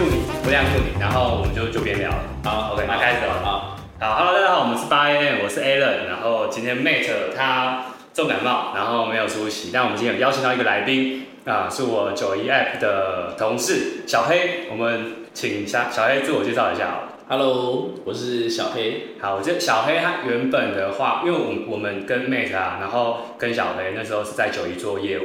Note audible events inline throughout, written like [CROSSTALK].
顧你，不亮顧你，然後我們就就別聊了。好，OK，好，那開始了。好，好，Hello，大家好，好 Hello, Hello, Hello, 我們是 8AM，我是 Alan，然後今天 Mate 他重感冒，然後沒有出席，但我們今天有邀請到一個來賓，啊、呃，是我91 APP 的同事小黑，我們請下小，小黑自我介紹一下。Hello，我是小黑。好，我覺得小黑他原本的話，因為我們，我們跟 Mate 啊，然後跟小黑那時候是在91做業務，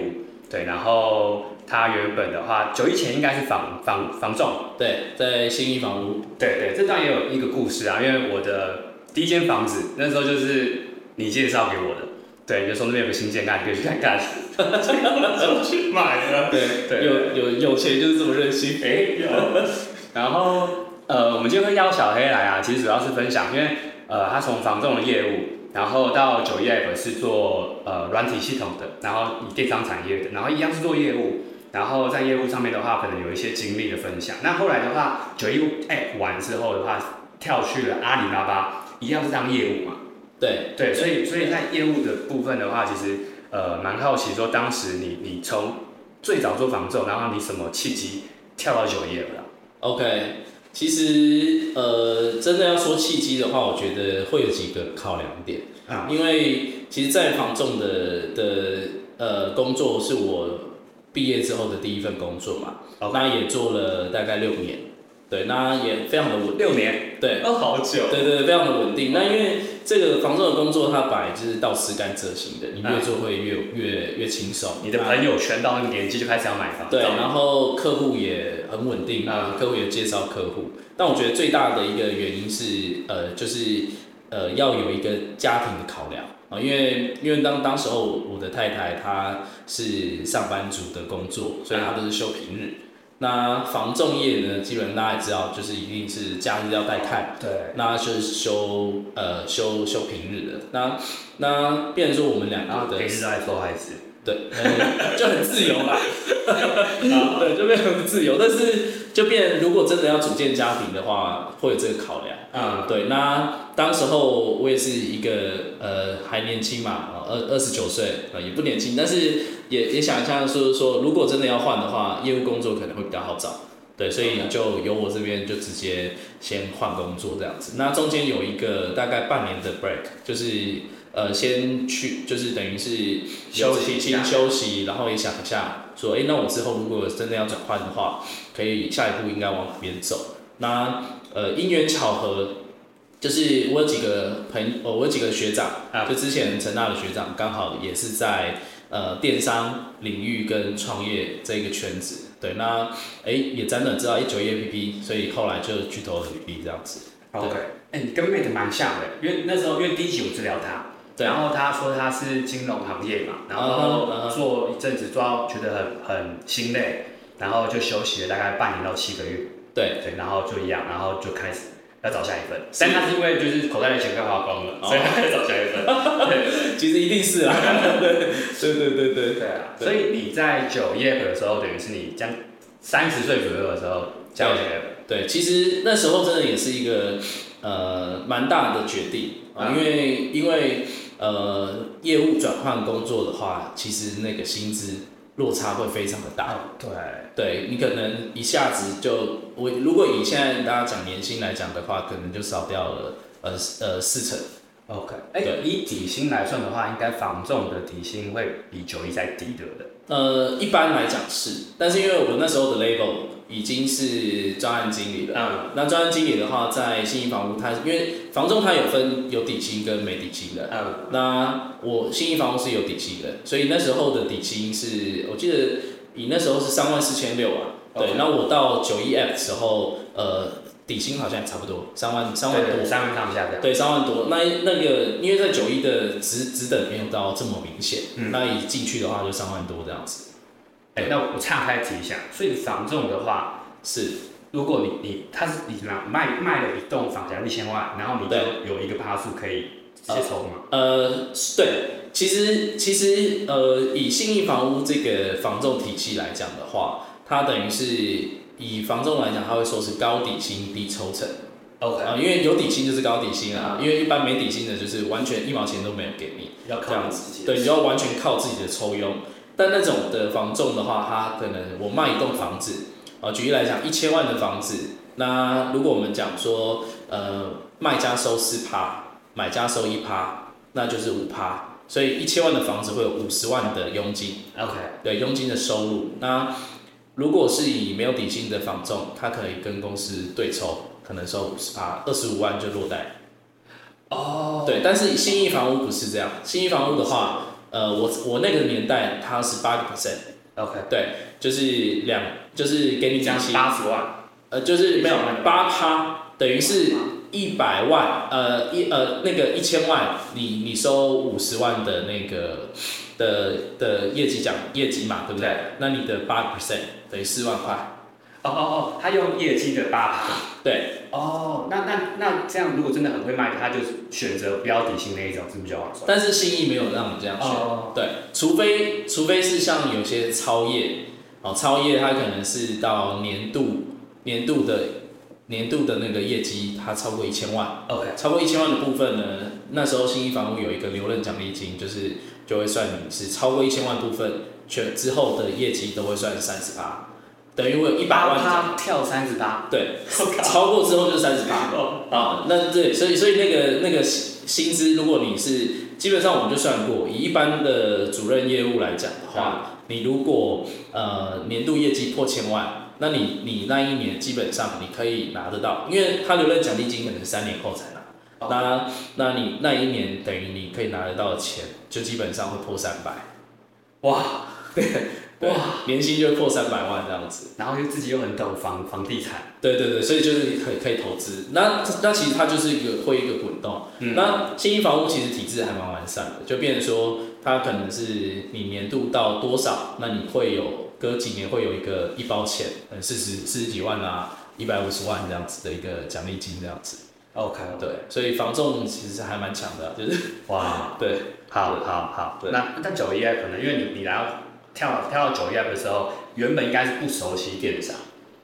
對，然後。他原本的話，九一前應該是房房房仲，對，在信義房屋，嗯、對對，這段也有一個故事啊，因為我的第一間房子那時候就是你介紹給我的，對，你就說那邊有個新建案，你可以去看看，哈哈哈哈哈，出去買了，對對，有有有錢就是這麼任性，哎， [LAUGHS] 然後呃，我們今天會邀小黑來啊，其實主要是分享，因為呃，他從房仲的業務，然後到九一 APP 是做呃軟體系統的，然後電商產業的，然後一樣是做業務。然後在業務上面的話，可能有一些經歷的分享。那後來的話，91APP 完之後的話，跳去了阿里巴巴，一樣是當業務嘛？對對，所以所以在業務的部分的話，其實呃蠻好奇說，說當時你你從最早做房仲，然後你什麼契機跳到九一了 OK，其實呃真的要說契機的話，我覺得會有幾個考量點啊，嗯、因為其實，在房仲的的呃工作是我。畢業之後的第一份工作嘛，Okay. 那也做了大概六年，對，那也非常的穩。六年，對，哦，好久。對對,對，非常的穩定。哦、那因為這個房仲的工作，它本來就是倒吃甘蔗型的，你越做會越、哎、越越輕鬆。你的朋友圈到那個年紀就開始要買房。對，然後客戶也很穩定，那、啊、客戶也介紹客戶。但我覺得最大的一個原因是，呃，就是呃，要有一個家庭的考量。啊，因為因為當當時候我，我的太太她是上班族的工作，所以她都是休平日。啊、那房仲業呢，基本大家也知道，就是一定是假日要帶看。對，那就是休呃休休平日的。那那，變成說我們兩個的、啊、還還對，是、呃、對，就很自由啦。對，就變得不自由，但是。就變，如果真的要組建家庭的話，會有這個考量啊、嗯。對，那當時候我也是一個呃還年輕嘛，二二十九歲啊、呃、也不年輕，但是也也想一下說，說說如果真的要換的話，業務工作可能會比較好找。對，所以就由我這邊就直接先換工作這樣子。那中間有一個大概半年的 break，就是呃先去就是等於是休息、先休，休息，然後也想一下。說以，欸，那我之後如果真的要轉換的話，可以下一步應該往哪邊走？那呃，因緣巧合，就是我有幾個朋友，我有幾個學長啊，就之前成大的學長，剛好也是在呃電商領域跟創業這個圈子。對，那哎，欸、也真的知道 91APP，所以後來就去投了 APP 這樣子。OK，哎對，欸、你跟 Matt 蠻像的，因為那時候因為第一集我治療他。然後他說他是金融行業嘛，然後做一陣子，做到覺得很很心累，然後就休息了大概半年到七個月。對對，然後就一樣，然後就開始要找下一份。但他是因為就是口袋的錢快花光了，所以才找下一份。對，其實一定是啊。對對對對對啊！所以你在九月 e 的時候，等於是你將三十歲左右的時候，加 year。對，其實那時候真的也是一個呃蠻大的決定。啊、因為因為呃，業務轉換工作的話，其實那個薪資落差會非常的大。啊、對，對你可能一下子就，我如果以現在大家講年薪來講的話，可能就少掉了呃呃四成。OK，對，以底薪來算的話，應該房仲的底薪會比九一再低的。對不對？呃，一般來講是，但是因為我那時候的 label 已經是專案經理了。嗯。那專案經理的話，在信義房屋他，他因為房仲它有分有底薪跟沒底薪的。嗯。那我信義房屋是有底薪的，所以那時候的底薪是我記得，以那時候是三萬四千六啊。Okay. 對。那我到 91APP 的時候，呃，底薪好像也差不多三萬三萬多，三萬上下。對，三萬多。那那個因為在九一的職職等沒有到這麼明顯，嗯，那一進去的話就三萬多這樣子。哎、欸，那我岔開提一下，所以房仲的話是，如果你你他是你拿賣賣了一棟房價一千萬，然後你再有一個趴數可以直接抽嗎？對呃？呃，對，其實其實呃，以信義房屋這個房仲體系來講的話，它等於是以房仲來講，它會說是高底薪低抽成。OK，啊、呃，因為有底薪就是高底薪啊，嗯、因為一般沒底薪的就是完全一毛錢都沒有給你，要靠自己的樣，對，你要完全靠自己的抽佣。但那種的房仲的話，他可能我賣一棟房子，啊，舉例來講一千萬的房子，那如果我們講說，呃，賣家收四趴，買家收一趴，那就是五趴，所以一千萬的房子會有五十萬的佣金，OK，對，佣金的收入。那如果是以沒有底薪的房仲，他可以跟公司對抽，可能收五十趴，二十五萬就落袋。哦，oh. 對，但是信義房屋不是這樣，信義房屋的話。呃，我我那個年代他是八個 percent，OK，對，就是兩，就是給你獎金八十萬，呃，就是沒有八趴，等於是一百萬，呃一呃那個一千萬，你你收五十萬的那個的的業績獎業績嘛，對不對？對，那你的八 percent 等於四萬塊。哦哦哦，他用業績的八趴，對，哦，那那那這樣如果真的很會賣的，他就選擇標底薪那一種是不是？但是信義沒有讓你這樣選，哦、對，除非除非是像有些超業，哦，超業他可能是到年度年度的年度的那個業績，他超過一千萬，OK，、哦、超過一千萬的部分呢，那時候信義房屋有一個留任獎勵金，就是就會算你是超過一千萬部分全之後的業績都會算三十趴等於我有一百萬，他跳三十八，對，超過之後就是三十八啊。那對，所以所以那個那個薪薪資，如果你是，基本上我們就算過，以一般的主任業務來講的話，啊、你如果呃年度業績破千萬，那你你那一年基本上你可以拿得到，因為他留任獎勵金可能是三年後才拿，那那你那一年等於你可以拿得到的錢，就基本上會破三百，哇，對。哇，年薪就破三百萬這樣子，然後又自己又很懂房房地產，對對對，所以就是可以可以投資。那那其實它就是一個會一個滾動。嗯、那信義房屋其實體制還蠻完善的，就變成說它可能是你年度到多少，那你會有隔幾年會有一個一包錢，四十四十幾萬啊，一百五十萬這樣子的一個獎勵金這樣子。OK，對，所以房仲其實是還蠻強的、啊，就是哇，對，好好好，那但九一可能因為你你來。跳跳到九一的時候，原本應該是不熟悉電商，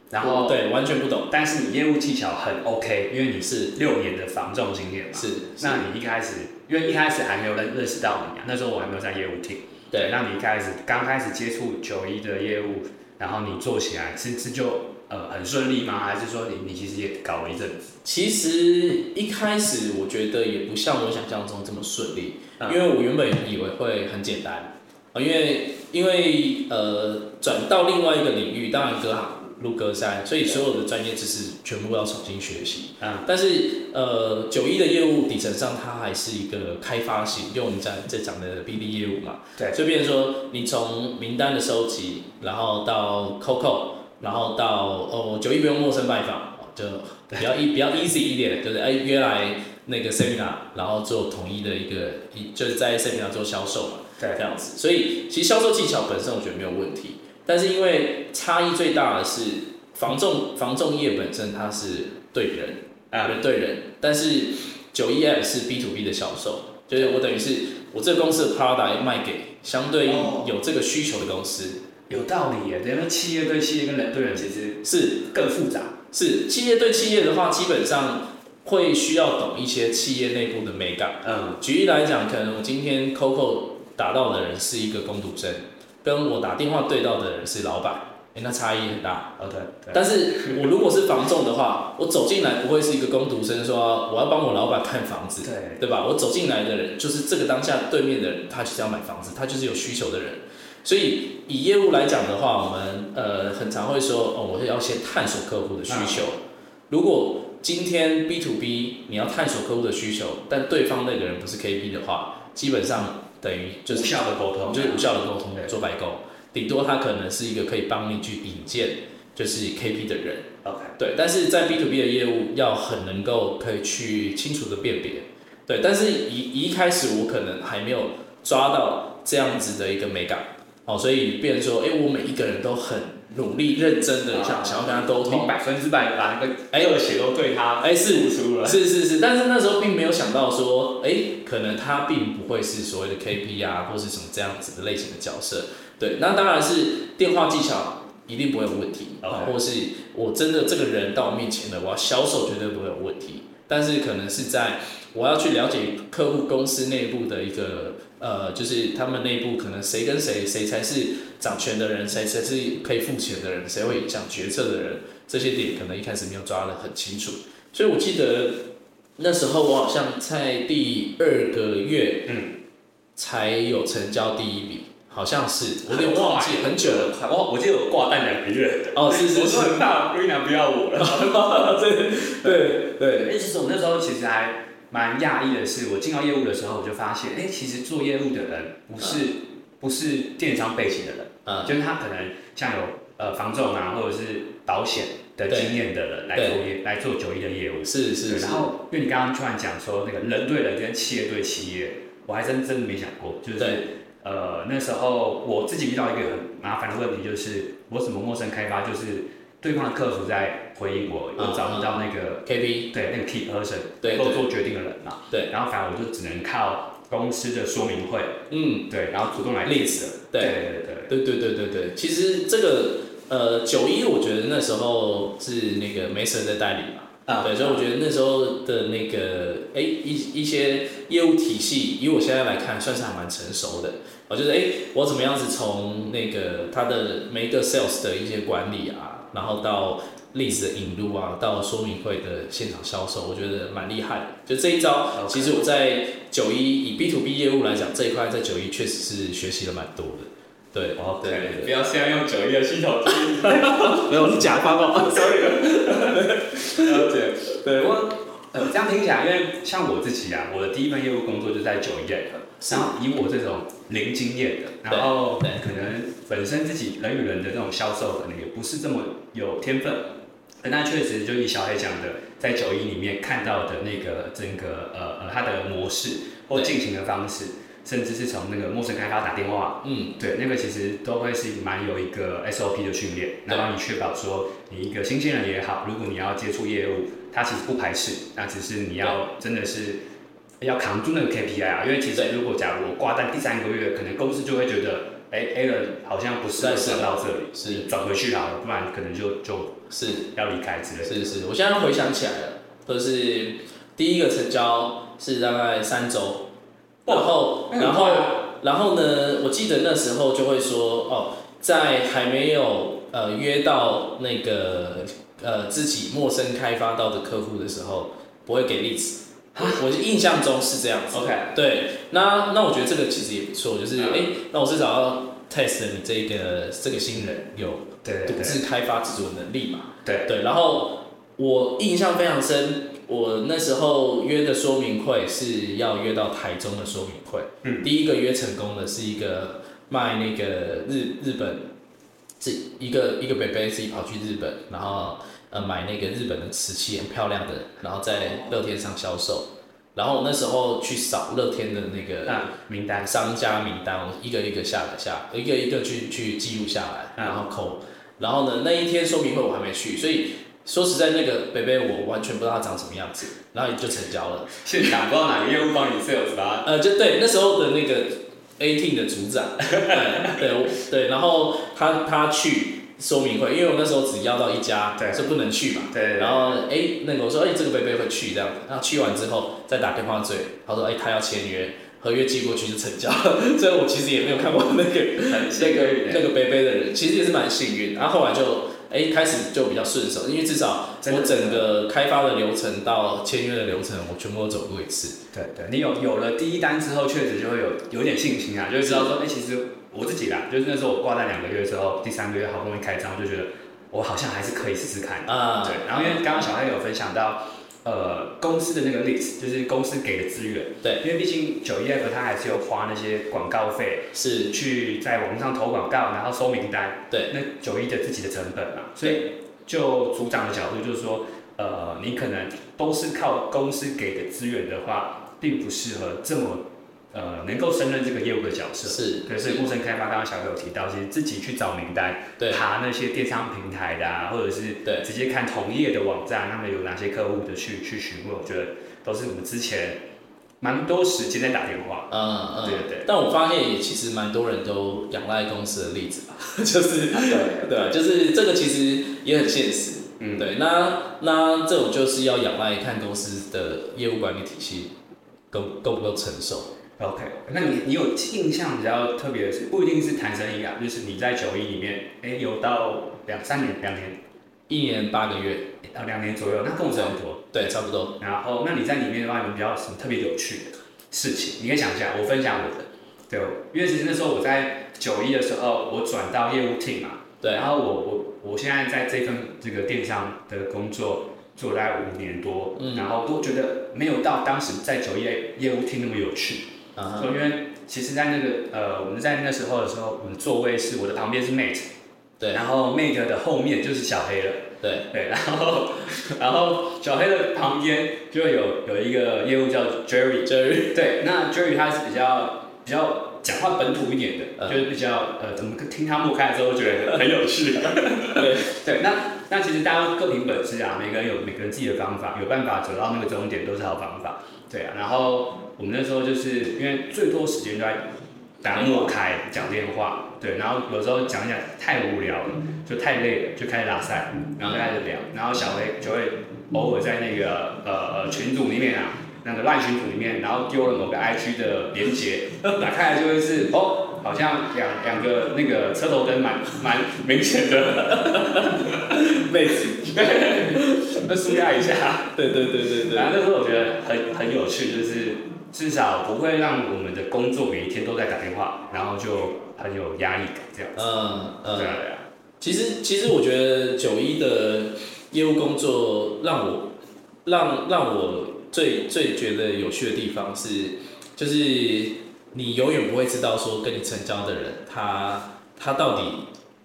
然後對，完全不懂，但是你業務技巧很 OK，因為你是六年的房仲經驗嘛，是。是。那你一開始，因為一開始還沒有認認識到你、啊，那時候我還沒有在業務廳。對。對那你一開始剛開始接觸九一的業務，然後你做起來，是是就呃很順利嗎？還是說你你其實也搞了一陣子？其實一開始我覺得也不像我想象中這麼順利，因為我原本以為會很簡單。啊，因為因為呃，轉到另外一個領域，當然隔行如隔山，所以所有的專業知識全部都要重新學習啊。嗯、但是呃，九一的業務底層上，它還是一個開發型，用在在講的 BD 業務嘛。對，所以比如說你從名單的收集，然後到 COCO，然後到哦，九一不用陌生拜訪，就比較易、e、對 比較 easy 一點，就是哎約來那個 seminar 然後做統一的一個一就是在 seminar 做銷售嘛。這樣子，所以其實銷售技巧本身我覺得沒有問題，但是因為差異最大的是房仲，嗯、房仲業，本身它是對人啊、哎、對人，但是 91APP 是 B to B 的銷售，就是我等於是我這個公司的 product 賣給相對應有這個需求的公司，哦、有道理耶，等於企業對企業跟人對人其實是更複雜，是，是企業對企業的話，基本上會需要懂一些企業內部的美感，嗯，舉例來講，可能我今天 Coco。打到的人是一個工讀生，跟我打電話對到的人是老闆，誒、欸，那差異很大。OK，哦，但是我如果是房仲的話，我走進來不會是一個工讀生，說我要幫我老闆看房子，對，對吧？我走進來的人，就是這個當下對面的人，他就是要買房子，他就是有需求的人。所以以業務來講的話，我們呃很常會說，哦，我是要先探索客戶的需求。那如果今天 B to B 你要探索客戶的需求，但對方那個人不是 KP 的話，基本上。等於就是無效的溝通，Okay. 就是無效的溝通，做白工，頂多他可能是一個可以幫你去引薦，就是 KP 的人，OK，對。但是在 B to B 的業務要很能夠可以去清楚的辨別，對。但是一一開始我可能還沒有抓到這樣子的一個美感，哦、喔，所以變成說，誒、欸，我每一個人都很。努力認真的想想要跟他溝通，啊，嗯、百分之百把那個 L 寫都對他 S 付出了，欸欸，是是是，是，是，但是那時候並沒有想到說，哎、嗯欸，可能他並不會是所謂的 KPI 啊，或是什麼這樣子的類型的角色。對，那當然是電話技巧一定不會有問題啊，嗯、或是我真的這個人到我面前了，我要銷售絕對不會有問題。但是可能是在我要去了解客戶公司內部的一個。呃，就是他們內部可能誰跟誰，誰才是掌權的人，誰才是可以付錢的人，誰會想決策的人，這些點可能一開始沒有抓得很清楚。所以我記得那時候我好像在第二個月，嗯，才有成交第一筆，嗯、好像是，我有點忘記很久了。我了我記得有掛單兩個月，哦，是是是，是，我是很大姑娘不要我了，對對 [LAUGHS] [LAUGHS] 對，哎，因為其實我那時候其實還。蠻訝異的是，我進到業務的時候，我就發現，哎、欸，其實做業務的人不是、嗯、不是電商背景的人，嗯，就是他可能像有呃房仲啊或者是保險的經驗的人來做業對來做 91< 對>的業務，是是。然後，因為你剛剛突然講說那個人對人跟企業對企業，我還真真的沒想過，就是對呃那時候我自己遇到一個很麻煩的問題，就是我怎麼陌生開發就是。對方的客服在回應、嗯、我，我找你到那個 KP、嗯、對那個 Key Person，對，能夠做決定的人嘛。對，然後反正我就只能靠公司的說明會，嗯，對，然後主動來 list 對對對對對對對，其實這個呃九一，91我覺得那時候是那個 Mason 在代理嘛，啊，對，所以我覺得那時候的那個哎、欸、一一些業務體系，以我現在來看，算是還蠻成熟的。我就是哎、欸，我怎麼樣子從那個他的每一個 Sales 的一些管理啊。然後到例子的引入啊，到說明會的現場銷售，我覺得蠻厲害的。就這一招，okay, 其實我在九一以 B to B 業務來講，這一塊在九一確實是學習了蠻多的。對，哦 Okay, 對，對，對。不要現在用九一的系統沒有，我是假髮哦。對，對，我、呃、這樣聽起來，因為像我自己啊，我的第一份業務工作就在九一。然後、嗯、以我這種零經驗的，然後可能本身自己人與人的這種銷售，可能也不是這麼有天分。但他確實就以小黑講的，在九一、e、裡面看到的那個整個呃呃他的模式或進行的方式，對甚至是從那個陌生開發打電話，嗯，對，那個其實都會是蠻有一個 SOP 的訓練，然後你確保說你一個新鮮人也好，如果你要接觸業務，他其實不排斥，那只是你要真的是。要扛住那個 KPI 啊，因為其實對如果假如我掛單第三個月，可能公司就會覺得，哎 Alan 好像不是在設到這裡，是轉回去好了，不然可能就就是要離開之類是。是是，我現在回想起來了，就是第一個成交是大概三週，然後然後然後呢，我記得那時候就會說，哦，在還沒有呃約到那個呃自己陌生開發到的客戶的時候，不會給例子。 [LAUGHS] 我印象中是這樣子。 [LAUGHS] OK，對，那那我覺得這個其實也不錯，就是哎、嗯欸，那我至少要 test 你這個這個新人有獨自開發自主能力嘛？對對，對，對。然後我印象非常深，我那時候約的說明會是要約到台中的說明會。嗯。第一個約成功的是一個賣那個日日本，這一個一個北北自己跑去日本，然後。呃，買那個日本的瓷器，很漂亮的，然後在樂天上銷售，然後那時候去掃樂天的那個名單，商家名單，我、啊、一個一個下來下，一個一個去去記錄下來，然後扣。啊、然後呢，那一天說明會我還沒去，所以說實在那個北北我完全不知道他長什麼樣子，然後就成交了。現場不知道哪個業務幫你 sell 是吧？呃，就對，那時候的那個 A-Team 的組長， [LAUGHS] 對對，對，然後他他去。說明會，因為我那時候只要到一家，是對不能去吧？對，對。然後，誒、欸，那個我說，誒、欸，這個伯伯會去這樣子。那去完之後，再打電話追，他說，誒、欸，他要簽約，合約寄過去就成交了呵呵。所以，我其實也沒有看過那個、欸、那個那個伯伯的人，其實也是蠻幸運。然後後來就，誒、欸，開始就比較順手，因為至少我整個開發的流程到簽約的流程，我全部都走過一次。對，對對，你有有了第一單之後，確實就會有有點信心啊，就會知道說，誒、欸，其實。我自己啦，就是那時候我掛在兩個月之後，第三個月好不容易開張，我就覺得我好像還是可以試試看。啊、嗯，對。然後因為剛剛小黑有分享到，呃，公司的那個 list，就是公司給的資源。對。因為畢竟九一 F 他還是有花那些廣告費，是去在網上投廣告，然後收名單。對是。那九一的自己的成本嘛，對所以就組長的角度就是說，呃，你可能都是靠公司給的資源的話，並不適合這麼。呃，能夠勝任這個業務的角色是，可是工程開發，剛剛小朋友提到，其實自己去找名單，對，爬那些電商平台的啊，或者是對直接看同業的網站，對那他們有哪些客戶的去去詢問，我覺得都是我們之前蠻多時間在打電話，嗯，嗯嗯，對對對。但我發現也其實蠻多人都仰賴公司的例子吧，就是對對，對，就是這個其實也很現實，嗯，對，那那這種就是要仰賴看公司的業務管理體系夠夠不夠成熟。OK，那你你有印象比較特別的是，不一定是談生意啊，就是你在九一裡面，哎、欸，有到兩三年，兩年，一年八個月，啊，兩年左右，那跟我差不多，哦，對，差不多。然後，那你在裡面的話，有沒有比較什麼特別有趣的事情？你可以想一下，我分享我的。對，因為其實那時候我在九一的時候，我轉到業務 team 嘛，對。然後我我我現在在這份這個電商的工作做了五年多，嗯，然後都覺得沒有到當時在九一業務 team 那麼有趣。就、uh huh. 因為其實，在那個呃，我們在那時候的時候，我們座位是我的旁邊是 Matt，對，然後 Matt 的後面就是小黑了，對對，然後然後小黑的旁邊就有有一個業務叫 Jerry，Jerry，對，那 Jerry 他是比較比較講話本土一點的，uh huh. 就是比較呃，怎麼聽他們開的之後，覺得很有趣、啊， [LAUGHS] 對對，那那其實大家都各憑本事啊，每個人有每個人自己的方法，有辦法走到那個終點都是好方法。對啊，然後我們那時候就是因為最多時間都在打陌開講電話，對，然後有時候講一講太無聊了，就太累了，就開始拉塞，嗯、然後就開始聊，嗯、然後小黑就會偶爾在那個呃群組裡面啊，那個 LINE 群組裡面，然後丟了某個 IG 的連結，打開 [LAUGHS] 來就會是哦。好像兩兩個那個車頭燈蠻蠻明顯的， [LAUGHS] 妹子，那舒壓一下，對對對對對，對。然後那時候我覺得很很有趣，就是至少不會讓我們的工作每一天都在打電話，然後就很有壓抑感這樣嗯。嗯嗯，對啊對啊。其實其實我覺得九一的業務工作讓我讓讓我最最覺得有趣的地方是就是。你永遠不會知道，說跟你成交的人，他他到底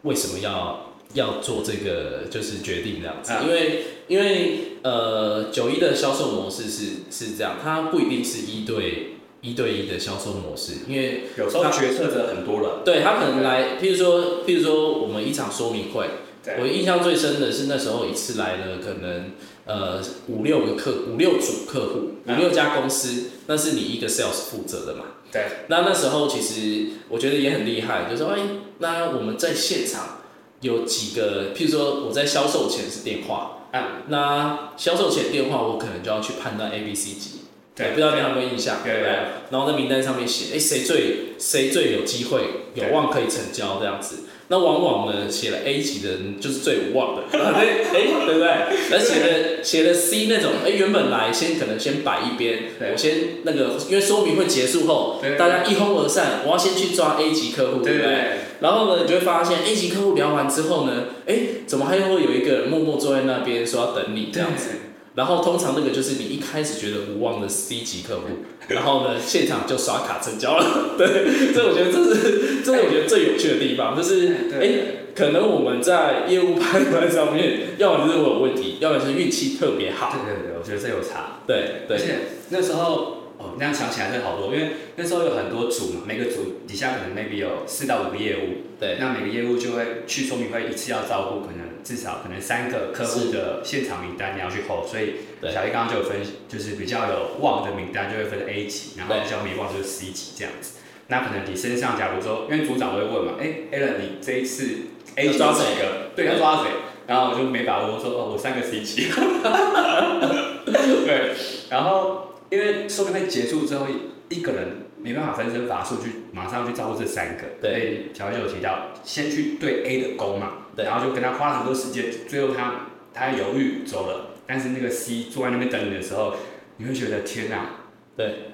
為什麼要要做這個，就是決定這樣子。啊、因為因為呃，九一的銷售模式是是這樣，它不一定是一對一對一的銷售模式，因為有時候他決策者很多了。對，對他可能來，譬如說譬如說我們一場說明會，對我印象最深的是那時候一次來了可能呃五六個客五六組客戶五六、啊、家公司，那是你一個 sales 負責的嘛。對，那那時候其實我覺得也很厲害，就是說哎，那我們在現場有幾個，譬如說我在銷售前是電話，啊，那銷售前電話我可能就要去判斷 A、B、C 級，對，對不知道給他們印象，對對對，然後在名單上面寫，哎，誰最誰最有機會，有望可以成交對這樣子。那往往呢，寫了 A 級的人就是最無望，的，對、 [LAUGHS] 欸欸，對不對？那寫了對寫了 C 那種，哎、欸，原本來先可能先擺一邊，對我先那個，因為說明會結束後，對大家一哄而散，我要先去抓 A 級客戶，對不對？對，然後呢，對你就會發現 A 級客戶聊完之後呢，哎、欸，怎麼還會有一個人默默坐在那邊說要等你對這樣子。然後通常那個就是你一開始覺得無望的 C 級客戶，嗯、然後呢 [LAUGHS] 現場就刷卡成交了。對，所以我覺得這是，這是我覺得最有趣的地方，就是哎，可能我們在業務判斷上面，要麼就是我有問題，對要麼就是運氣特別好。對,對對對，我覺得這有差。對，對。而且那時候哦，那樣想起來就好多，因為那時候有很多組嘛，每個組底下可能 maybe 有四到五個業務，對，那每個業務就會去說明會一次要招呼可能。至少可能三個客戶的現場名單是你要去 hold，所以小麗剛剛就有分，就是比較有旺的名單就會分 A 級，然後比較沒旺就是 C 級這樣子。對那可能你身上，假如說因為組長都會問嘛，哎、欸、Alan 你這一次 A 抓幾個？對，要抓誰？然後我就沒把握，我說哦，我三個 C 級。 [LAUGHS] 對，然後因為說明會結束之後，一個人沒辦法分身乏術去馬上去照顧這三個，對，欸、小麗就有提到，先去對 A 的攻嘛。對然後就跟他花了很多時間，最後他他猶豫走了，但是那個 C 坐在那邊等你的時候，你會覺得天哪，對，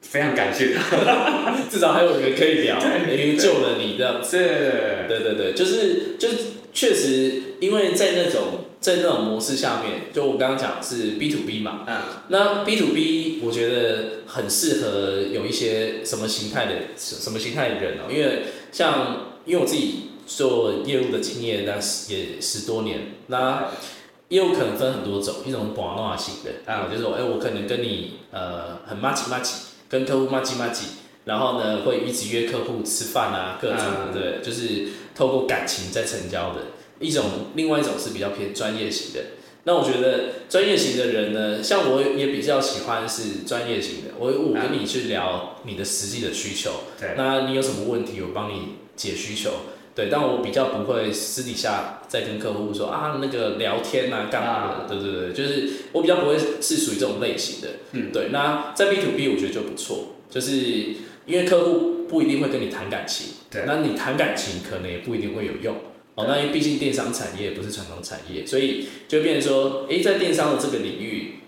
非常感謝他， [LAUGHS] 至少還有一個可以聊，因為救了你這樣。對對對，是，對對對，就是就是確實，因為在那種在那種模式下面，就我剛剛講是 B to B 嘛，嗯，那 B to B 我覺得很適合有一些什麼形態的什什麼形態的人，哦、喔，因為像因為我自己做業務的經驗，那也十多年。那業務可能分很多種，一種廣暖型的，啊我就是，說，哎、欸，我可能跟你呃很麻吉麻吉，跟客戶麻吉麻吉，然後呢會一直約客戶吃飯啊，各種的，嗯，就是透過感情在成交的。一種，另外一種是比較偏專業型的。那我覺得專業型的人呢，像我也比較喜歡是專業型的。我我跟你去聊你的實際的需求，嗯，那你有什麼問題，我幫你解需求。對，但我比較不會私底下再跟客戶說啊，那個聊天啊，幹嘛的？對對對，就是我比較不會是屬於這種類型的。嗯，對。那在 B to B，我覺得就不錯，就是因為客戶不一定會跟你談感情，對，那你談感情可能也不一定會有用哦，對，喔。那因為畢竟電商產業不是傳統產業，所以就變成說，欸，在電商的這個領域，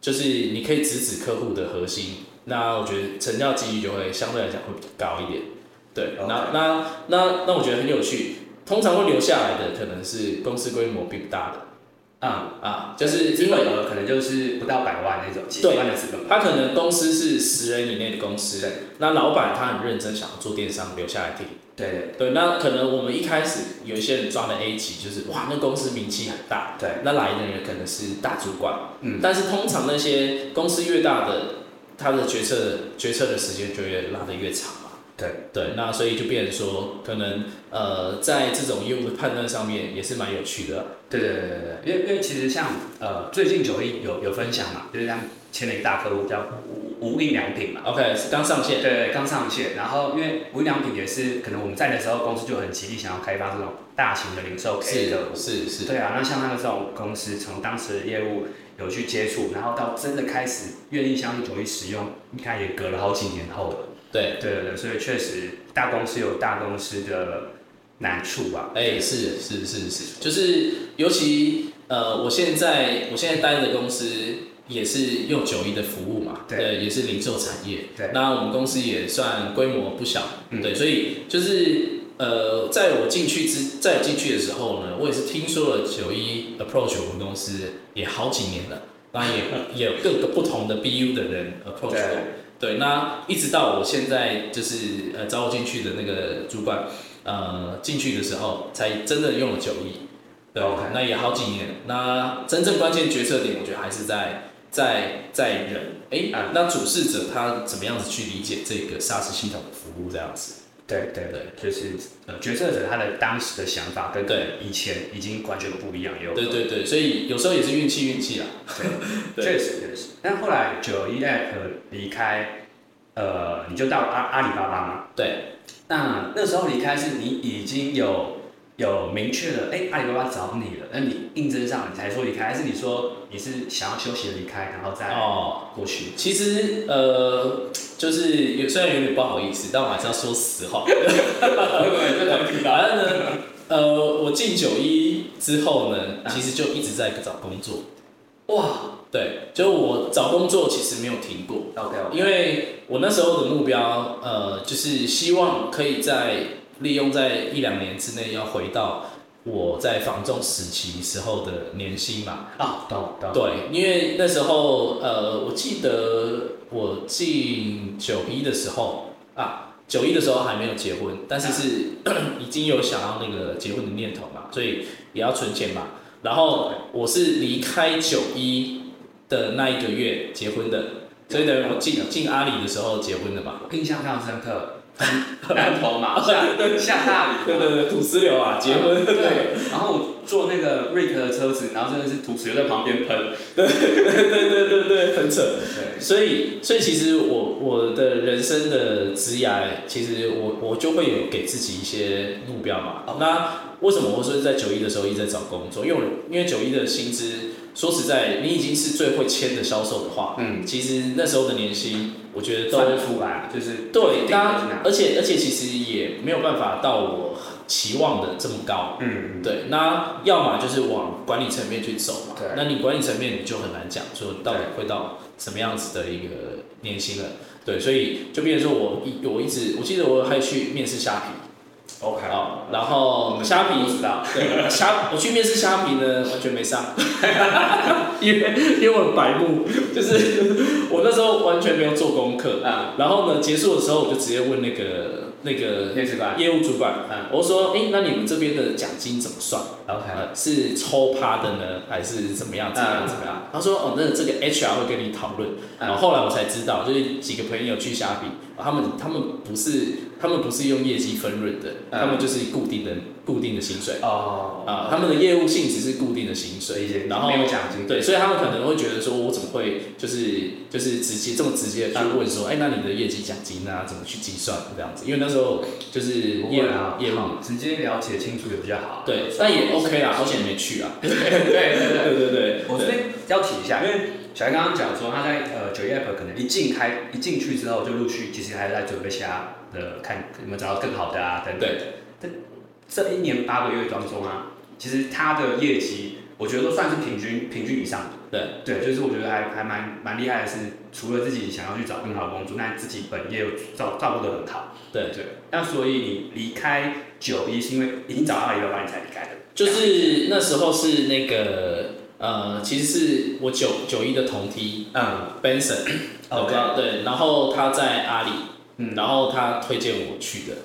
就是你可以直指客戶的核心，那我覺得成交幾率就會相對來講會比較高一點。對，那 Okay. 那那那我覺得很有趣。通常會留下來的可能是公司規模並不大的，啊、嗯、啊、嗯，就是因為可能就是不到百萬那種對，對，他可能公司是十人以內的公司，對對那老闆他很認真想要做電商，留下來聽。對對，對，對，那可能我們一開始有一些人抓的 A 級，就是哇，那公司名氣很大。對，那來的人可能是大主管。嗯，但是通常那些公司越大的，他的決策決策的時間就越拉得越長。對對，那所以就變成說，可能呃，在這種業務的判斷上面也是蠻有趣的。對對對對，因為因為其實像呃，最近九一有有分享嘛，就是他們簽了一個大客戶叫無無印良品嘛，OK，是剛上線。對，對，對，剛上線。然後因為無印良品也是可能我們在的時候，公司就很極力想要開發這種大型的零售的是。是的，是是。對啊，那像那個這種公司，從當時的業務有去接觸，然後到真的開始願意相信九一使用，你看也隔了好幾年後了。對對對，所以確實大公司有大公司的難處吧？哎、欸，是是是是，是，就是尤其呃，我現在我現在待的公司也是用九一的服務嘛，對，對，也是零售產業，對，那我們公司也算規模不小，嗯、對，所以就是呃，在我進去之在我進去的時候呢，我也是聽說了九一 approach 我們公司也好幾年了，然後也 [LAUGHS] 也各個不同的 BU 的人 approach 過。對，那一直到我現在就是呃，招我進去的那個主管，呃進去的時候才真的用了九億，對我看那也好幾年，那真正關鍵決策點，我覺得還是在在在人，哎啊，那主事者他怎麼樣子去理解這個 SaaS 系統的服務這樣子？對對對，就是呃，決策者他的當時的想法，跟對，以前已經完全不一樣，也有對對對，所以有時候也是運氣運氣啦對， [LAUGHS] 對對確實確實。但後來九一 APP 離開，呃，你就到阿阿里巴巴嗎？對，那那時候離開是你已經有。有明確的，哎、欸，阿里巴巴找你了，那你應徵上，你才說離開，還是你說你是想要休息的離開，然後再過去？哦、其實，呃，就是有雖然有點不好意思，但我還是要說實話。反正呢，呃，我進九一之後呢，其實就一直在找工作。哇，對，就我找工作其實沒有停過。哦 okay. 因為我那時候的目標，呃，就是希望可以在。利用在一兩年之內要回到我在房仲時期時候的年薪嘛？啊，到到。對，因為那時候呃，我記得我進九一的時候啊，九一的時候還沒有結婚，但是是 Yeah. [COUGHS] 已經有想要那個結婚的念頭嘛，所以也要存錢嘛。然後我是離開九一的那一個月結婚的，Yeah. 所以等於我進進阿里的時候結婚的嘛。印象非常深刻。男朋友嘛，啊、下、啊、下大雨，對對對，土石流啊，結婚、啊，對。然後坐那個 Rick 的車子，然後真的是土石流在旁邊噴，對對對對對對，很扯。對所以，所以其實我我的人生的職涯，其實我我就會有給自己一些目標嘛。啊、那為什麼我說在九一的時候一直在找工作？因為我因為九一的薪資。說實在，你已經是最會簽的銷售的話，嗯，其實那時候的年薪，我覺得都得出來，就是就對，那而且而且其實也沒有辦法到我期望的這麼高，嗯，對，那要麼就是往管理層面去走嘛，對，那你管理層面你就很難講說到底會到什麼樣子的一個年薪了，對，對，所以就變成說我一我一直我記得我還去面試蝦皮。OK，oh，好，然後蝦皮是吧？蝦，我去面試蝦皮呢，完全沒上。 [LAUGHS] 因為因為我很白目， [LAUGHS] 就是我那時候完全沒有做功課啊。嗯、然後呢，結束的時候我就直接問那個那個那什麼業務主管啊，嗯、我說，誒、欸，那你們這邊的獎金怎麼算？是抽趴的呢，還是怎麼樣怎麼樣怎麼樣？他說：“哦，那這個 HR 會跟你討論。”然後後來我才知道，就是幾個朋友去蝦皮，他們他們不是他們不是用業績分潤的，他們就是固定的固定的薪水。哦。啊，他們的業務性質是固定的薪水，然後沒有獎金。對，所以他們可能會覺得說：“我怎麼會就是就是直接這麼直接去問說，哎，那你的業績獎金啊怎麼去計算這樣子？”因為那時候就是業務業務直接了解清楚就比較好。對，但也。ok 啊，好久沒去啊。 [LAUGHS] 對對對對對對，我這邊要提一下，因為小孩剛剛講說他在呃九月份可能一進開一進去之後就陸續其實還在準備其他的，呃、看有沒有找到更好的啊等等。對但這一年八個月當中啊，其實他的業績我覺得都算是平均平均以上。對對，就是我覺得還還蠻蠻厲害的是，除了自己想要去找更好的工作，那自己本業照照顧得很好。對對，那所以你離開九一是因為已經找到一個方向你才離開的。就是那時候是那個呃，其實是我九九一的同梯，嗯、啊、，Benson，OK，Okay. 對，然後他在阿里，嗯，然後他推薦我去的，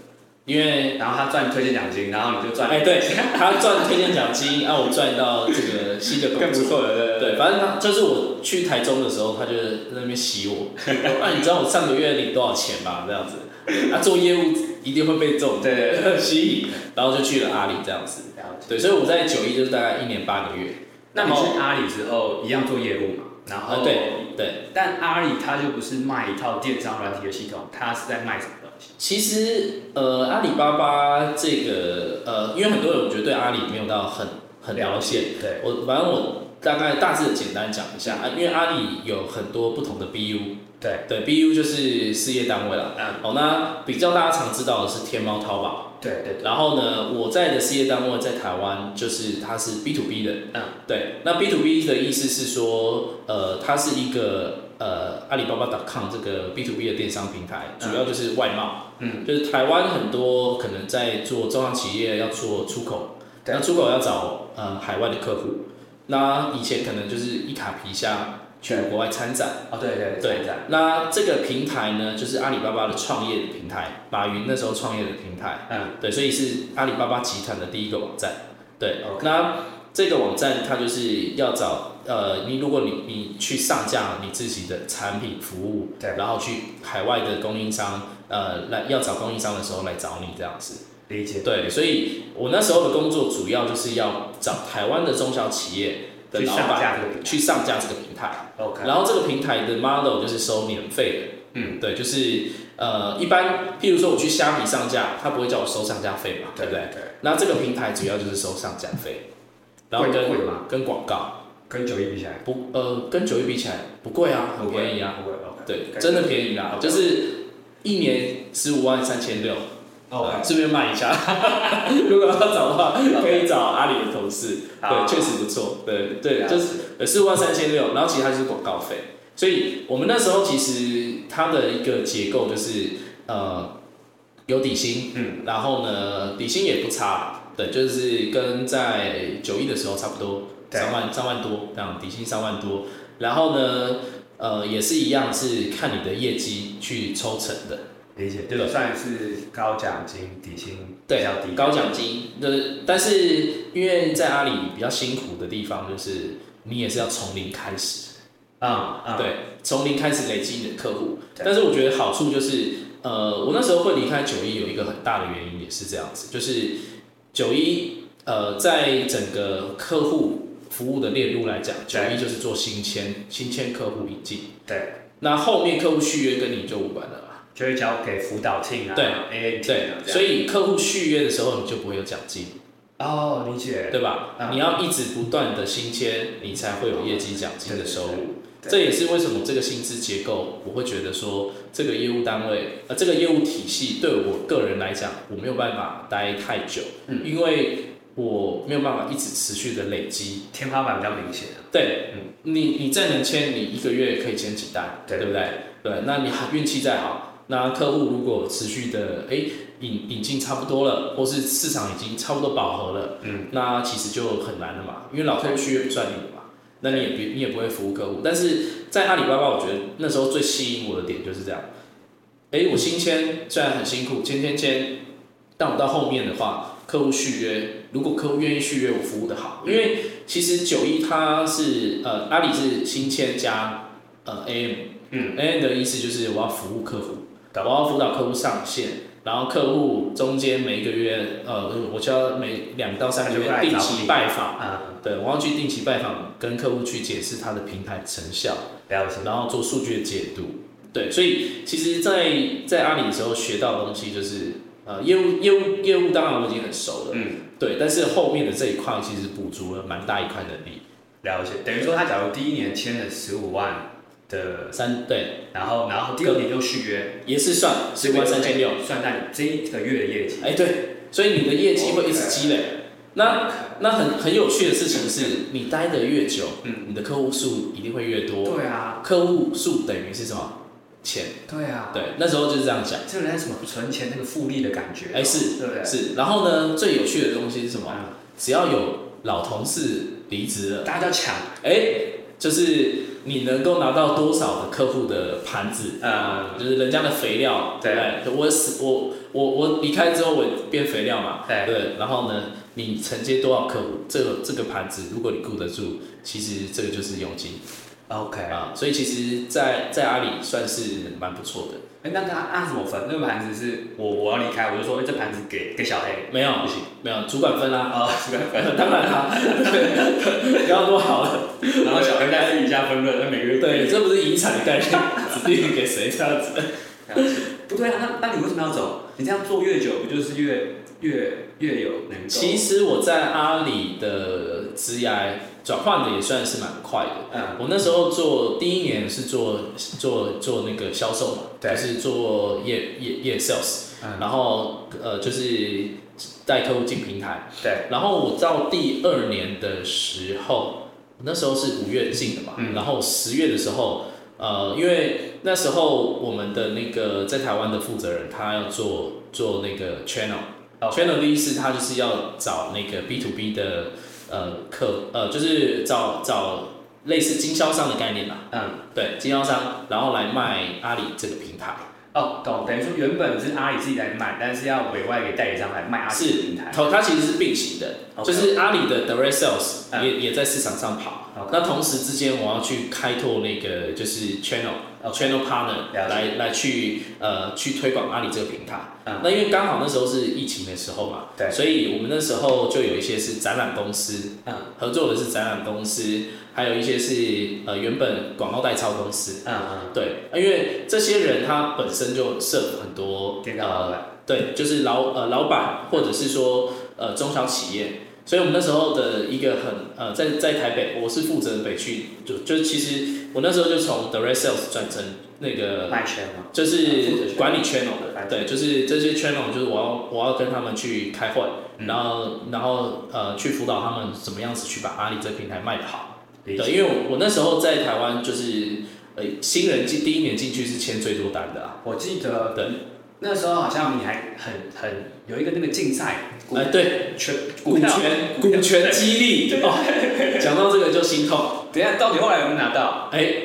因為然後他賺推薦獎金，然後你就賺，哎，對，他賺推薦獎金，然後、 [LAUGHS] 啊、我賺到這個新的工作，更不錯了，對對反正他就是我去台中的時候，他就在那邊洗我，哎、 [LAUGHS] 啊，你知道我上個月領多少錢吧？這樣子，他、啊、做業務。一定會被這種對吸引，然後就去了阿里這樣子。了解 對，所以我在九一就是大概一年八個月。那你去阿里之後一樣做業務嘛？然後對、嗯、對，對但阿里它就不是賣一套電商軟體的系統，它是在賣什麼東西？其實呃，阿里巴巴這個呃，因為很多人我覺得對阿里沒有到很很了解。了解，對，我反正我。大概大致的簡單講一下啊，因為阿里有很多不同的 BU，對對，BU 就是事業單位了。好、嗯，那比較大家常知道的是天貓、淘寶，對對。然後呢，我在的事業單位在台灣，就是它是 B to B 的，嗯，對。那 B to B 的意思是說，呃，它是一個呃阿里巴巴 .com 這個 B to B 的電商平台，嗯、主要就是外貿，嗯，就是台灣很多可能在做中央企業要做出口，對要出口要找呃海外的客戶。那以前可能就是一卡皮箱去國外參展啊，對，對對對，那這個平台呢，就是阿里巴巴的創業平台，馬雲那時候創業的平台，平台嗯，對，所以是阿里巴巴集團的第一個網站，對，嗯、那這個網站它就是要找，呃，你如果你你去上架你自己的產品服務，對，然後去海外的供應商，呃，來要找供應商的時候來找你這樣子。理解對，所以我那時候的工作主要就是要找台灣的中小企業的老板去上架這個平台，然後這個平台的 model 就是收免費的，嗯，對，就是呃，一般譬如說我去蝦皮上架，他不會叫我收上架費嘛，對不對？那這個平台主要就是收上架費，然後跟跟廣告跟九一比起來不呃，跟九一比起來不貴啊，很便宜啊，對，真的便宜啊，就是一年十五萬三千六。哦，順 Okay.、啊、便賣一下， [LAUGHS] 如果要找的話，Okay. 可以找阿里的同事。Okay. 對，確實不錯。對對，Yeah. 就是四萬三千六，然後其實它就是廣告費。所以我們那時候其實它的一個結構就是呃有底薪，嗯，然後呢底薪也不差，對，就是跟在九一的時候差不多，三 Yeah. 萬三萬多這樣，然後底薪三萬多，然後呢呃也是一樣是看你的業績去抽成的。理解，就算是高獎金底薪比較低。對，高獎金，但是因為在阿里比較辛苦的地方就是你也是要從零開始啊，嗯嗯、對，從零開始累積你的客戶。對但是我覺得好處就是，呃，我那時候會離開九一、e、有一個很大的原因也是這樣子，就是九一，呃，在整個客戶服務的鏈路來講，九一、e、就是做新簽新簽客戶引進，對，那對後面客戶續約跟你就無關了。就會交給輔導 team 啊，對，哎，對，所以客戶續約的時候你就不會有獎金哦，理解對吧？你要一直不斷的新簽，你才會有業績獎金的收入。這也是為什麼這個薪資結構，我會覺得說這個業務單位呃，這個業務體系對我個人來講，我沒有辦法待太久，因為我沒有辦法一直持續的累積，天花板比較明顯，對，你你再能簽，你一個月可以簽幾單，對不對？對，那你運氣再好。那客戶如果持續的哎引引進差不多了，或是市場已經差不多飽和了，嗯，那其實就很難了嘛，因為老客戶續約不算你的嘛，那你也別、嗯、你也不會服務客戶。但是在阿里巴巴，我覺得那時候最吸引我的點就是這樣，哎，我新簽雖然很辛苦，簽簽簽，但我到後面的話，客戶續約，如果客戶願意續約，我服務的好，因為其實九一它是呃阿里是新簽加呃 AM，嗯，AM 的意思就是我要服務客戶。我要輔導客戶上線，然後客戶中間每一個月，呃，我就要每兩到三個月定期拜訪，啊，嗯、對，我要去定期拜訪，跟客戶去解釋他的平台成效，了解，然後做數據的解讀，對，所以其實在，在在阿里的時候學到的東西就是，呃，業務業務業務，業務當然我已經很熟了，嗯，對，但是後面的這一塊其實補足了蠻大一塊能力，了解，等於說他假如第一年簽了十五萬。呃，三對，然後然後第二年又續約，也是算十萬三千六，算在你這一個月的業績。哎，對，所以你的業績會一直積累。那那很很有趣的事情是，你待的越久，嗯，你的客戶數一定會越多。對啊，客戶數等於是什麼？錢。對啊，對，那時候就是這樣講，就有點什麼存錢那個複利的感覺。哎，是，是。然後呢，最有趣的東西是什麼？只要有老同事離職了，大家搶，哎，就是。你能夠拿到多少的客戶的盤子？啊、嗯，就是人家的肥料。對，對我我我我離開之後，我變肥料嘛。對，對，然後呢，你承接多少客戶，這個、這個盤子，如果你顧得住，其實這個就是佣金。OK 啊，所以其實在，在在阿里算是蠻不錯的。哎、欸，那他、個、按什麼分？那個盤子是我，我要離開，我就說，哎、欸，這盤子給給小黑，沒有不行，沒有主管分啦、啊，啊、哦，主管分，當然啦、啊，剛 [LAUGHS] 要多好了，的然後小黑在自己家分潤，那每個月對，對你這不是遺產概念， [LAUGHS] 指定給誰這樣子？樣子 [LAUGHS] 不對啊，那那你為什麼要走？你這樣做越久，不就是越。越越有能。其實我在阿里的職涯轉換的也算是蠻快的。嗯，我那時候做第一年是做、嗯、做做，做那個銷售嘛，就是做業業業 sales，然後呃，就是帶客戶進平台。對。然後我到第二年的時候，那時候是五月進的嘛，嗯、然後十月的時候，呃，因為那時候我們的那個在台灣的負責人他要做做那個 channel。Okay. Channel 的意思是他就是要找那個 B to B 的呃客呃，就是找找類似經銷商的概念吧。嗯，對，經銷商，嗯、然後來賣阿里這個平台。哦，懂，等於說原本是阿里自己來賣，但是要委外給代理商來賣阿里的平台。哦，它其實是並行的，Okay. 就是阿里的 Direct Sales 也、嗯、也在市場上跑。好，那同時之間，我要去開拓那個就是 channel，呃，uh，channel partner 了解。來來去呃去推廣阿里這個平台。啊、嗯，那因為剛好那時候是疫情的時候嘛，對，所以我們那時候就有一些是展覽公司，嗯，合作的是展覽公司，還有一些是呃原本廣告代操公司，嗯嗯，對，因為這些人他本身就設很多，呃，對，就是老呃老板或者是說呃中小企業。所以我們那時候的一個很呃，在在台北，我是負責北區，就就其實我那時候就從 direct sales 轉成那個，就是管理 channel 的，對，就是這些 channel，就是我要我要跟他們去開會，然後然後呃去輔導他們怎麼樣子去把阿里這平台賣好，對，因為我我那時候在台灣就是呃新人進第一年進去是簽最多單的啊，我記得，對，那時候好像你還很很有一個那個競賽。哎，對，權股權股權激勵，哦、講到這個就心痛。等下，到底後來有沒有拿到？哎、欸，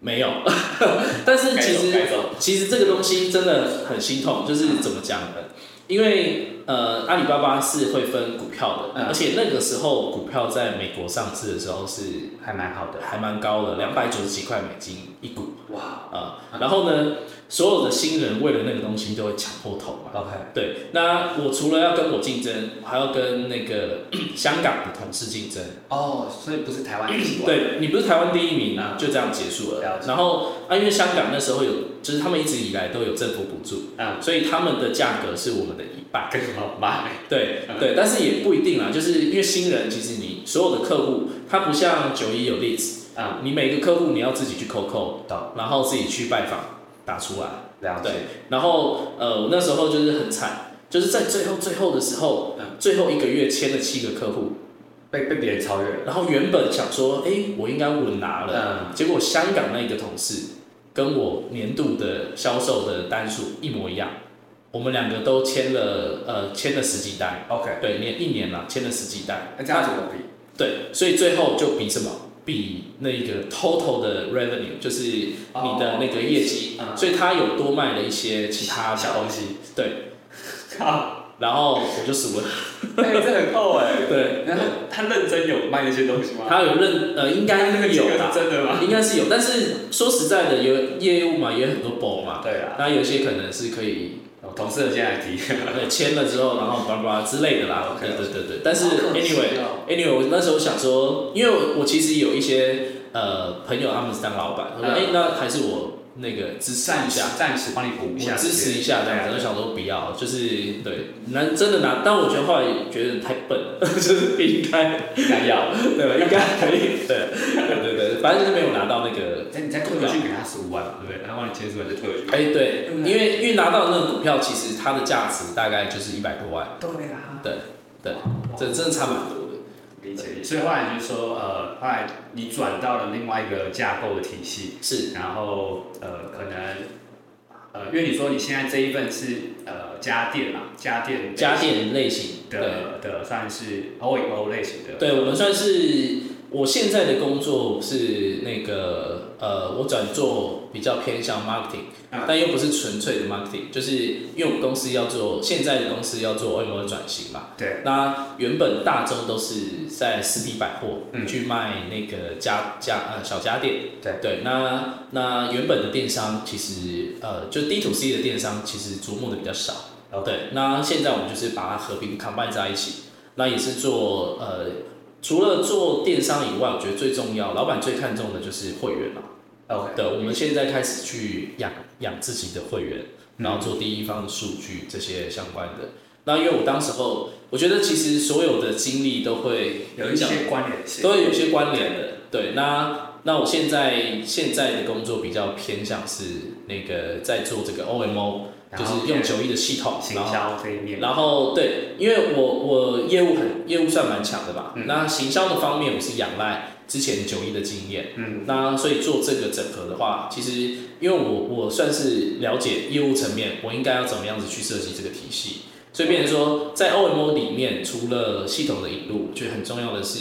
沒有呵呵。但是其實其實這個東西真的很心痛，就是怎麼講的？因為呃，阿里巴巴是會分股票的，而且那個時候股票在美國上市的時候是還蠻好的，還蠻高的，兩百九十幾塊美金一股。哇啊、呃，然後呢？所有的新人為了那個東西都會搶破頭嘛？OK，對，那我除了要跟我競爭，還要跟那個香港的同事競爭。哦，oh, 所以不是台灣第一。對，你不是台灣第一名啊，就這樣結束了。了解然後啊，因為香港那時候有，就是他們一直以來都有政府補助啊，um, 所以他們的價格是我們的一半。跟什麼？對對，um, 對但是也不一定啦，就是因為新人是其實你所有的客戶，他不像九一有例子啊，你每個客戶你要自己去 call call 對然後自己去拜訪。打出來，對，解然後呃，我那時候就是很慘，就是在最後最後的時候，最後一個月簽了七個客戶，被被別人超越。然後原本想說，哎，我應該穩拿了，嗯、結果香港那個同事跟我年度的銷售的單數一模一樣，我們兩個都簽了呃，簽了十幾單，OK，對，年一年了，簽了十幾單，那這樣就可以對，所以最後就比什麼？比那個 total 的 revenue 就是你的那個業績，oh, okay. 所以他有多賣了一些其他小東西， [LAUGHS] 對。然後我就數了。哎、 [LAUGHS] 欸，這很厚哎。對，然後 [LAUGHS] 他認真有賣那些東西嗎？他有認，呃，應該有，那個真的嗎？應該是有，但是說實在的，有業務嘛，也有很多 ball 嘛。對啊。那有些可能是可以。同事的現在提，對， [LAUGHS] 對，簽了之後，然後呱呱之類的啦。OK，對對對。但是，Anyway，Anyway， [LAUGHS] 我那時候想說，因為我其實有一些呃朋友，他們是當老板，哎、 [LAUGHS] 欸，那還是我。那個支持一下，暫時幫你補一下。我支持一下，一下這樣子。兩個想說不要，就是對，拿真的拿，但我覺得後來覺得太笨， [LAUGHS] 就是不應該應該要， [LAUGHS] 對吧？應該可以對。對對對，反正就是沒有拿到那個。哎，你再空回去給他十五萬，對不對？然後幫你簽十五萬就退回去。哎，對，因為因為拿到那個股票，其實它的價值大概就是一百多萬。都沒拿。對對，這真的差不多。所以後來就是說，呃，後來你轉到了另外一個架構的體系，是，然後呃，可能呃，因為你說你現在這一份是呃家電嘛，家電家電類型的類型的、呃、的算是 O M O 類型的，對我們算是。我現在的工作是那個呃，我轉做比較偏向 marketing，但又不是純粹的 marketing，就是因為我們公司要做現在的公司要做 OMO 轉型嘛。對。那原本大眾都是在實體百貨、嗯、去賣那個家家呃小家電。對。對，那那原本的電商其實呃，就 D to C 的電商其實著墨的比較少。哦，對。那現在我們就是把它合併 combine 在一起，那也是做、嗯、呃。除了做電商以外，我覺得最重要，老闆最看重的就是會員嘛。OK，的，我們現在開始去養養自己的會員，嗯、然後做第一方的數據這些相關的。那因為我當時候，我覺得其實所有的經歷都，都會有一些關聯性，都會有些關聯的。是對，那那我現在現在的工作比較偏向是那個在做這個 OMO。就是用九一的系統，行銷面，然後對，因為我我業務很業務算蠻強的吧，嗯，那行銷的方面我是仰賴之前九一的經驗，嗯，那所以做這個整合的話，其實因為我我算是了解業務層面，我應該要怎麼樣子去設計這個體系，所以變成說在 OMO 裡面，除了系統的引入，就很重要的是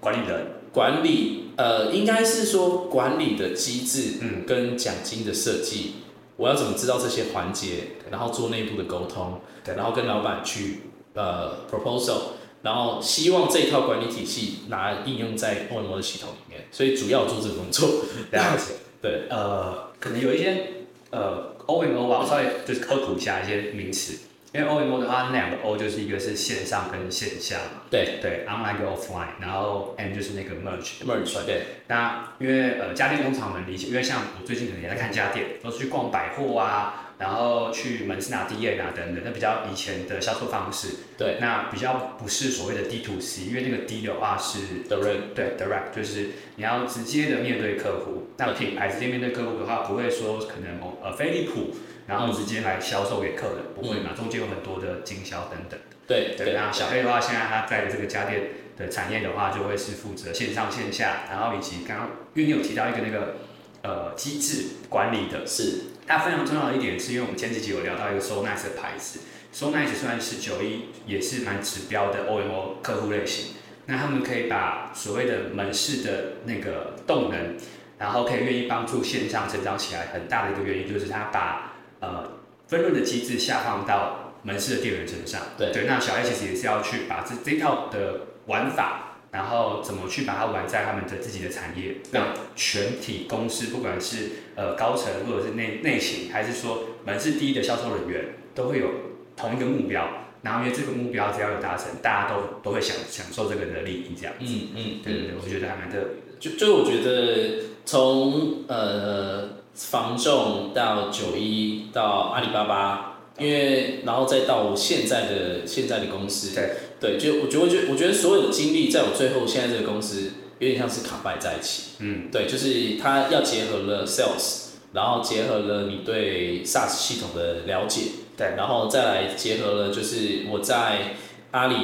管理人管理，呃，應該是說管理的機制跟獎金的設計。嗯我要怎麼知道這些環節，然後做內部的溝通，對，然後跟老闆去呃 proposal，然後希望這一套管理體系拿應用在 OMO 的系統裡面，所以主要做這個工作，這樣子。 [LAUGHS] 對，呃，可能有一些呃 OMO 我稍微就是科普一下一些名詞。因為 O M O 的話，那兩個 O 就是一個是線上跟線下嘛。對對，Online 跟 Offline，然後 M 就是那個 Merge。Merge。right? 對。那因為呃家電工廠們理解，因為像我最近可能也在看家電，都是去逛百貨啊，然後去門市拿 D a 啊等等，那比較以前的銷售方式。對。那比較不是所謂的 D to C，因為那個 D 的話是 Direct。對 Direct，就是你要直接的面對客戶。對那品牌直接面對客戶的話，不會說可能某呃飛利浦。然後直接來銷售給客人，嗯、不會嘛？中間有很多的經銷等等對、嗯、對。那小黑的話，對現在他在這個家電的產業的話，就會是負責線上線下，然後以及剛剛因為你有提到一個那個呃機制管理的，是它非常重要的一點，是因為我們前幾集有聊到一個 Sonice 牌子，Sonice 算是九億也是蠻指標的 OMO 客戶類型。嗯、那他們可以把所謂的門市的那個動能，然後可以願意幫助線上成長起來，很大的一個原因就是他把。呃，分潤的機制下放到門市的店員身上，對對。那小愛其實也是要去把這這套的玩法，然後怎麼去把它玩在他們的自己的產業。那、嗯、全體公司，不管是呃高層，或者是內內勤，還是說門市第一的銷售人員，都會有同一個目標。嗯、然後因為這個目標只要有達成，大家都都會享享受這個的利益。這樣子嗯，嗯對嗯，對對對，我覺得還蠻特別的。就就我覺得從呃。房仲到九一到阿里巴巴，對因為，然後再到我現在的現在的公司，Okay. 對，就我覺得我覺得所有的經歷，在我最後現在這個公司有點像是卡拜在一起，嗯，對，就是它要結合了 sales，然後結合了你對 SaaS 系統的了解，對，然後再來結合了就是我在阿里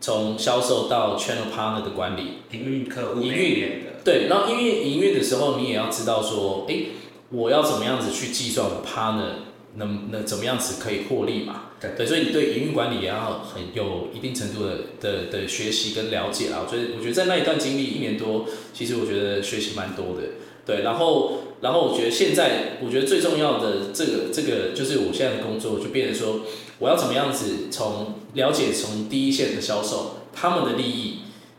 從銷售到 channel partner 的管理，營運客戶營運的，對，然後因為營運的時候，你也要知道說，欸我要怎麼樣子去計算趴呢？能能怎麼樣子可以獲利嘛？對，所以你對營運管理也要很有一定程度的的的學習跟了解啦。我覺得我覺得在那一段經歷一年多，其實我覺得學習蠻多的。對，然後然後我覺得現在我覺得最重要的這個這個就是我現在的工作就變成說，我要怎麼樣子從了解從第一線的銷售他們的利益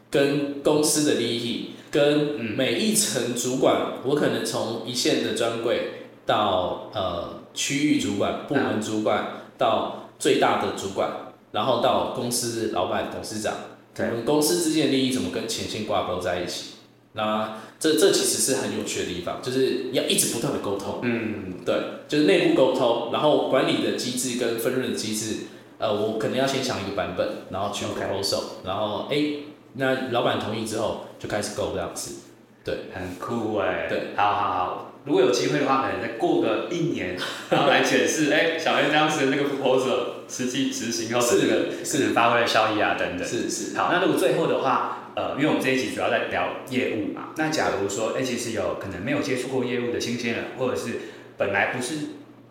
跟公司的利益。跟每一層主管，嗯、我可能從一線的專櫃到呃區域主管、部門主管，到最大的主管，然後到公司老板、董事長，對、嗯，公司之間的利益怎麼跟前線掛鈎在一起？那這這其實是很有趣的地方，就是要一直不斷的溝通。嗯，對，就是內部溝通，然後管理的機制，跟分潤的機制，呃，我可能要先想一個版本，然後去開後手，Okay. 然後 A。誒那老闆同意之後，就開始 go 這樣子，對，很酷哎、欸，對，好，好，好，如果有機會的話，可能再過個一年，然後來解釋，哎、 [LAUGHS] 欸，小黑當時那個 proposal 實際執行後等等是是的發揮的效益啊，等等，是是，好，那如果最後的話，呃，因為我們這一集主要在聊業務嘛，那假如說，哎、欸，其實有可能沒有接觸過業務的新鮮人，或者是本來不是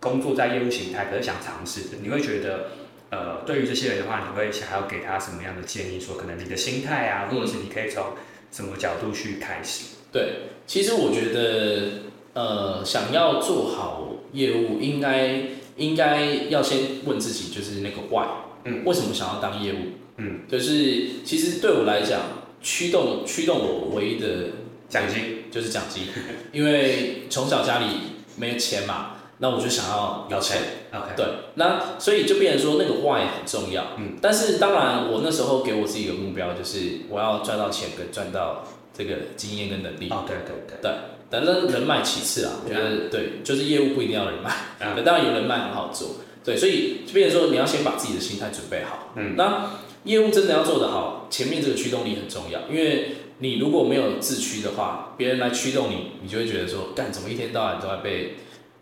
工作在業務形態可是想嘗試的，你會覺得？呃，對於這些人的話，你會想要給他什麼樣的建議？說可能你的心態啊，或者是你可以從什麼角度去開始？對，其實我覺得，呃，想要做好業務，應該應該要先問自己，就是那個 why，嗯，為什麼想要當業務？嗯，就是其實對我來講，驅動驅動我唯一的獎金就是獎金， [LAUGHS] 因為從小家裡沒有錢嘛。那我就想要有錢，OK，, okay. 對，那所以就變成說那個 why 很重要，嗯，但是當然我那時候給我自己的目標就是我要賺到錢跟賺到這個經驗跟能力，哦，對對對，對，人脈其次啊，我 Okay. 覺得對，就是業務不一定要人脈，但 Okay. 當然有人脈很好做，對，所以就變成說你要先把自己的心態準備好，嗯，那業務真的要做得好，前面這個驅動力很重要，因為你如果沒有自驅的話，別人來驅動你，你就會覺得說幹怎麼一天到晚都在被。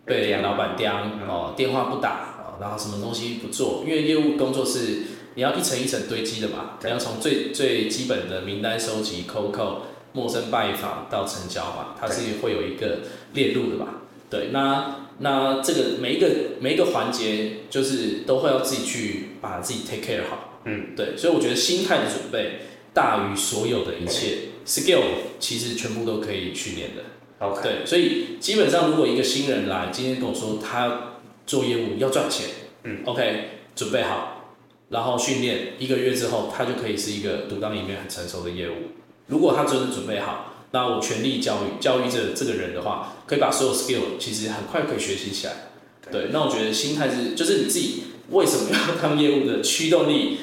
對，老闆刁哦，電話不打哦，然後什麼東西不做,因為業務工作是你要一層一層堆積的嘛,你要 Okay. 從最最基本的名單收集、coco 陌生拜訪到成交嘛，它是會有一個鏈路的嘛。Okay. 對，那那這個每一個每一個環節，就是都會要自己去把自己 take care 好。嗯，對，所以我覺得心態的準備大於所有的一切，skill、嗯、其實全部都可以去練的。Okay. 對，所以基本上，如果一個新人來，今天跟我說他做業務要賺錢，嗯，OK，準備好，然後訓練一個月之後，他就可以是一個獨當一面、很成熟的業務。如果他真的準備好，那我全力教育教育着這個人的話，可以把所有 skill 其實很快可以學習起來。對,對，那我覺得心態是，就是你自己為什麼要當業務的驅動力，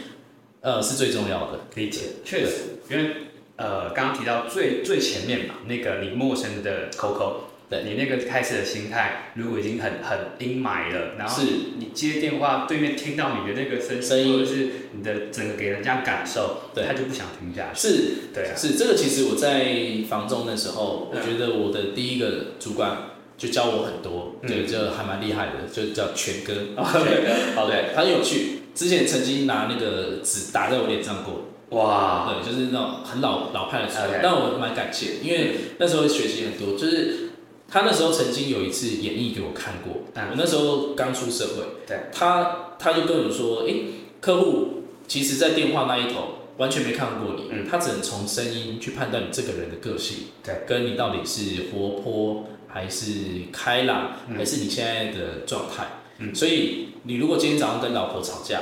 呃，是最重要的。可以對確實，對因為。呃，剛剛提到最最前面嘛，那個你陌生的 Coco。對，你那個開始的心態，如果已經很很陰霾了，然後是你接電話對面聽到你的那個聲聲音，或者是你的整個給人家感受，對，他就不想聽下去。是，對啊，是這個。其實我在房仲的時候，我覺得我的第一個主管就教我很多，對，就還蠻厲害的，就叫全哥，全哥，哦對，很有趣。之前曾經拿那個紙打在我臉上過。哇，wow, okay. 對，就是那種很老老派的，Okay. 但我蠻感謝，因為那時候學習很多，嗯、就是他那時候曾經有一次演繹給我看過，嗯、我那時候剛出社會，對、嗯，他他就跟我說，誒，客戶其實在電話那一頭完全沒看過你，嗯、他只能從聲音去判斷你這個人的個性，對、嗯，跟你到底是活潑還是開朗，嗯、還是你現在的狀態，嗯、所以你如果今天早上跟老婆吵架，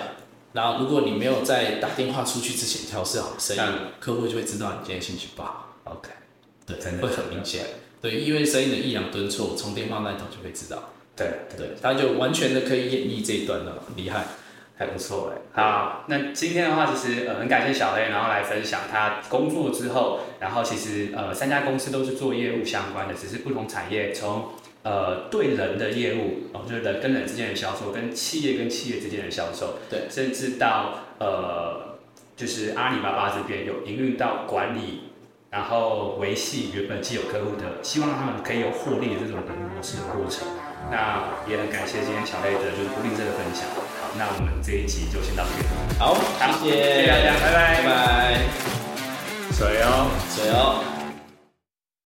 然後，如果你沒有在打電話出去之前調試好的聲音，像客戶就會知道你今天心情不好。OK，對，真的會很明顯。okay. 對，因為聲音的抑揚頓挫，從電話那頭就會知道。對對，他就完全的可以演繹這一段了，很厲害，還不錯哎。好，那今天的話，其實呃很感謝小黑然後來分享他工作之後，然後其實呃三家公司都是做業務相關的，只是不同產業。從呃，對人的業務，哦，就是人跟人之間的銷售，跟企業跟企業之間的銷售，對，甚至到呃，就是阿里巴巴這邊有營運到管理，然後維繫原本既有客戶的，希望他們可以有獲利的這種模式的過程。那也很感謝今天小黑的，就是不吝嗇的分享。好，那我們這一集就先到這邊。好，謝謝，謝謝大家，拜拜，拜拜。左右、哦，左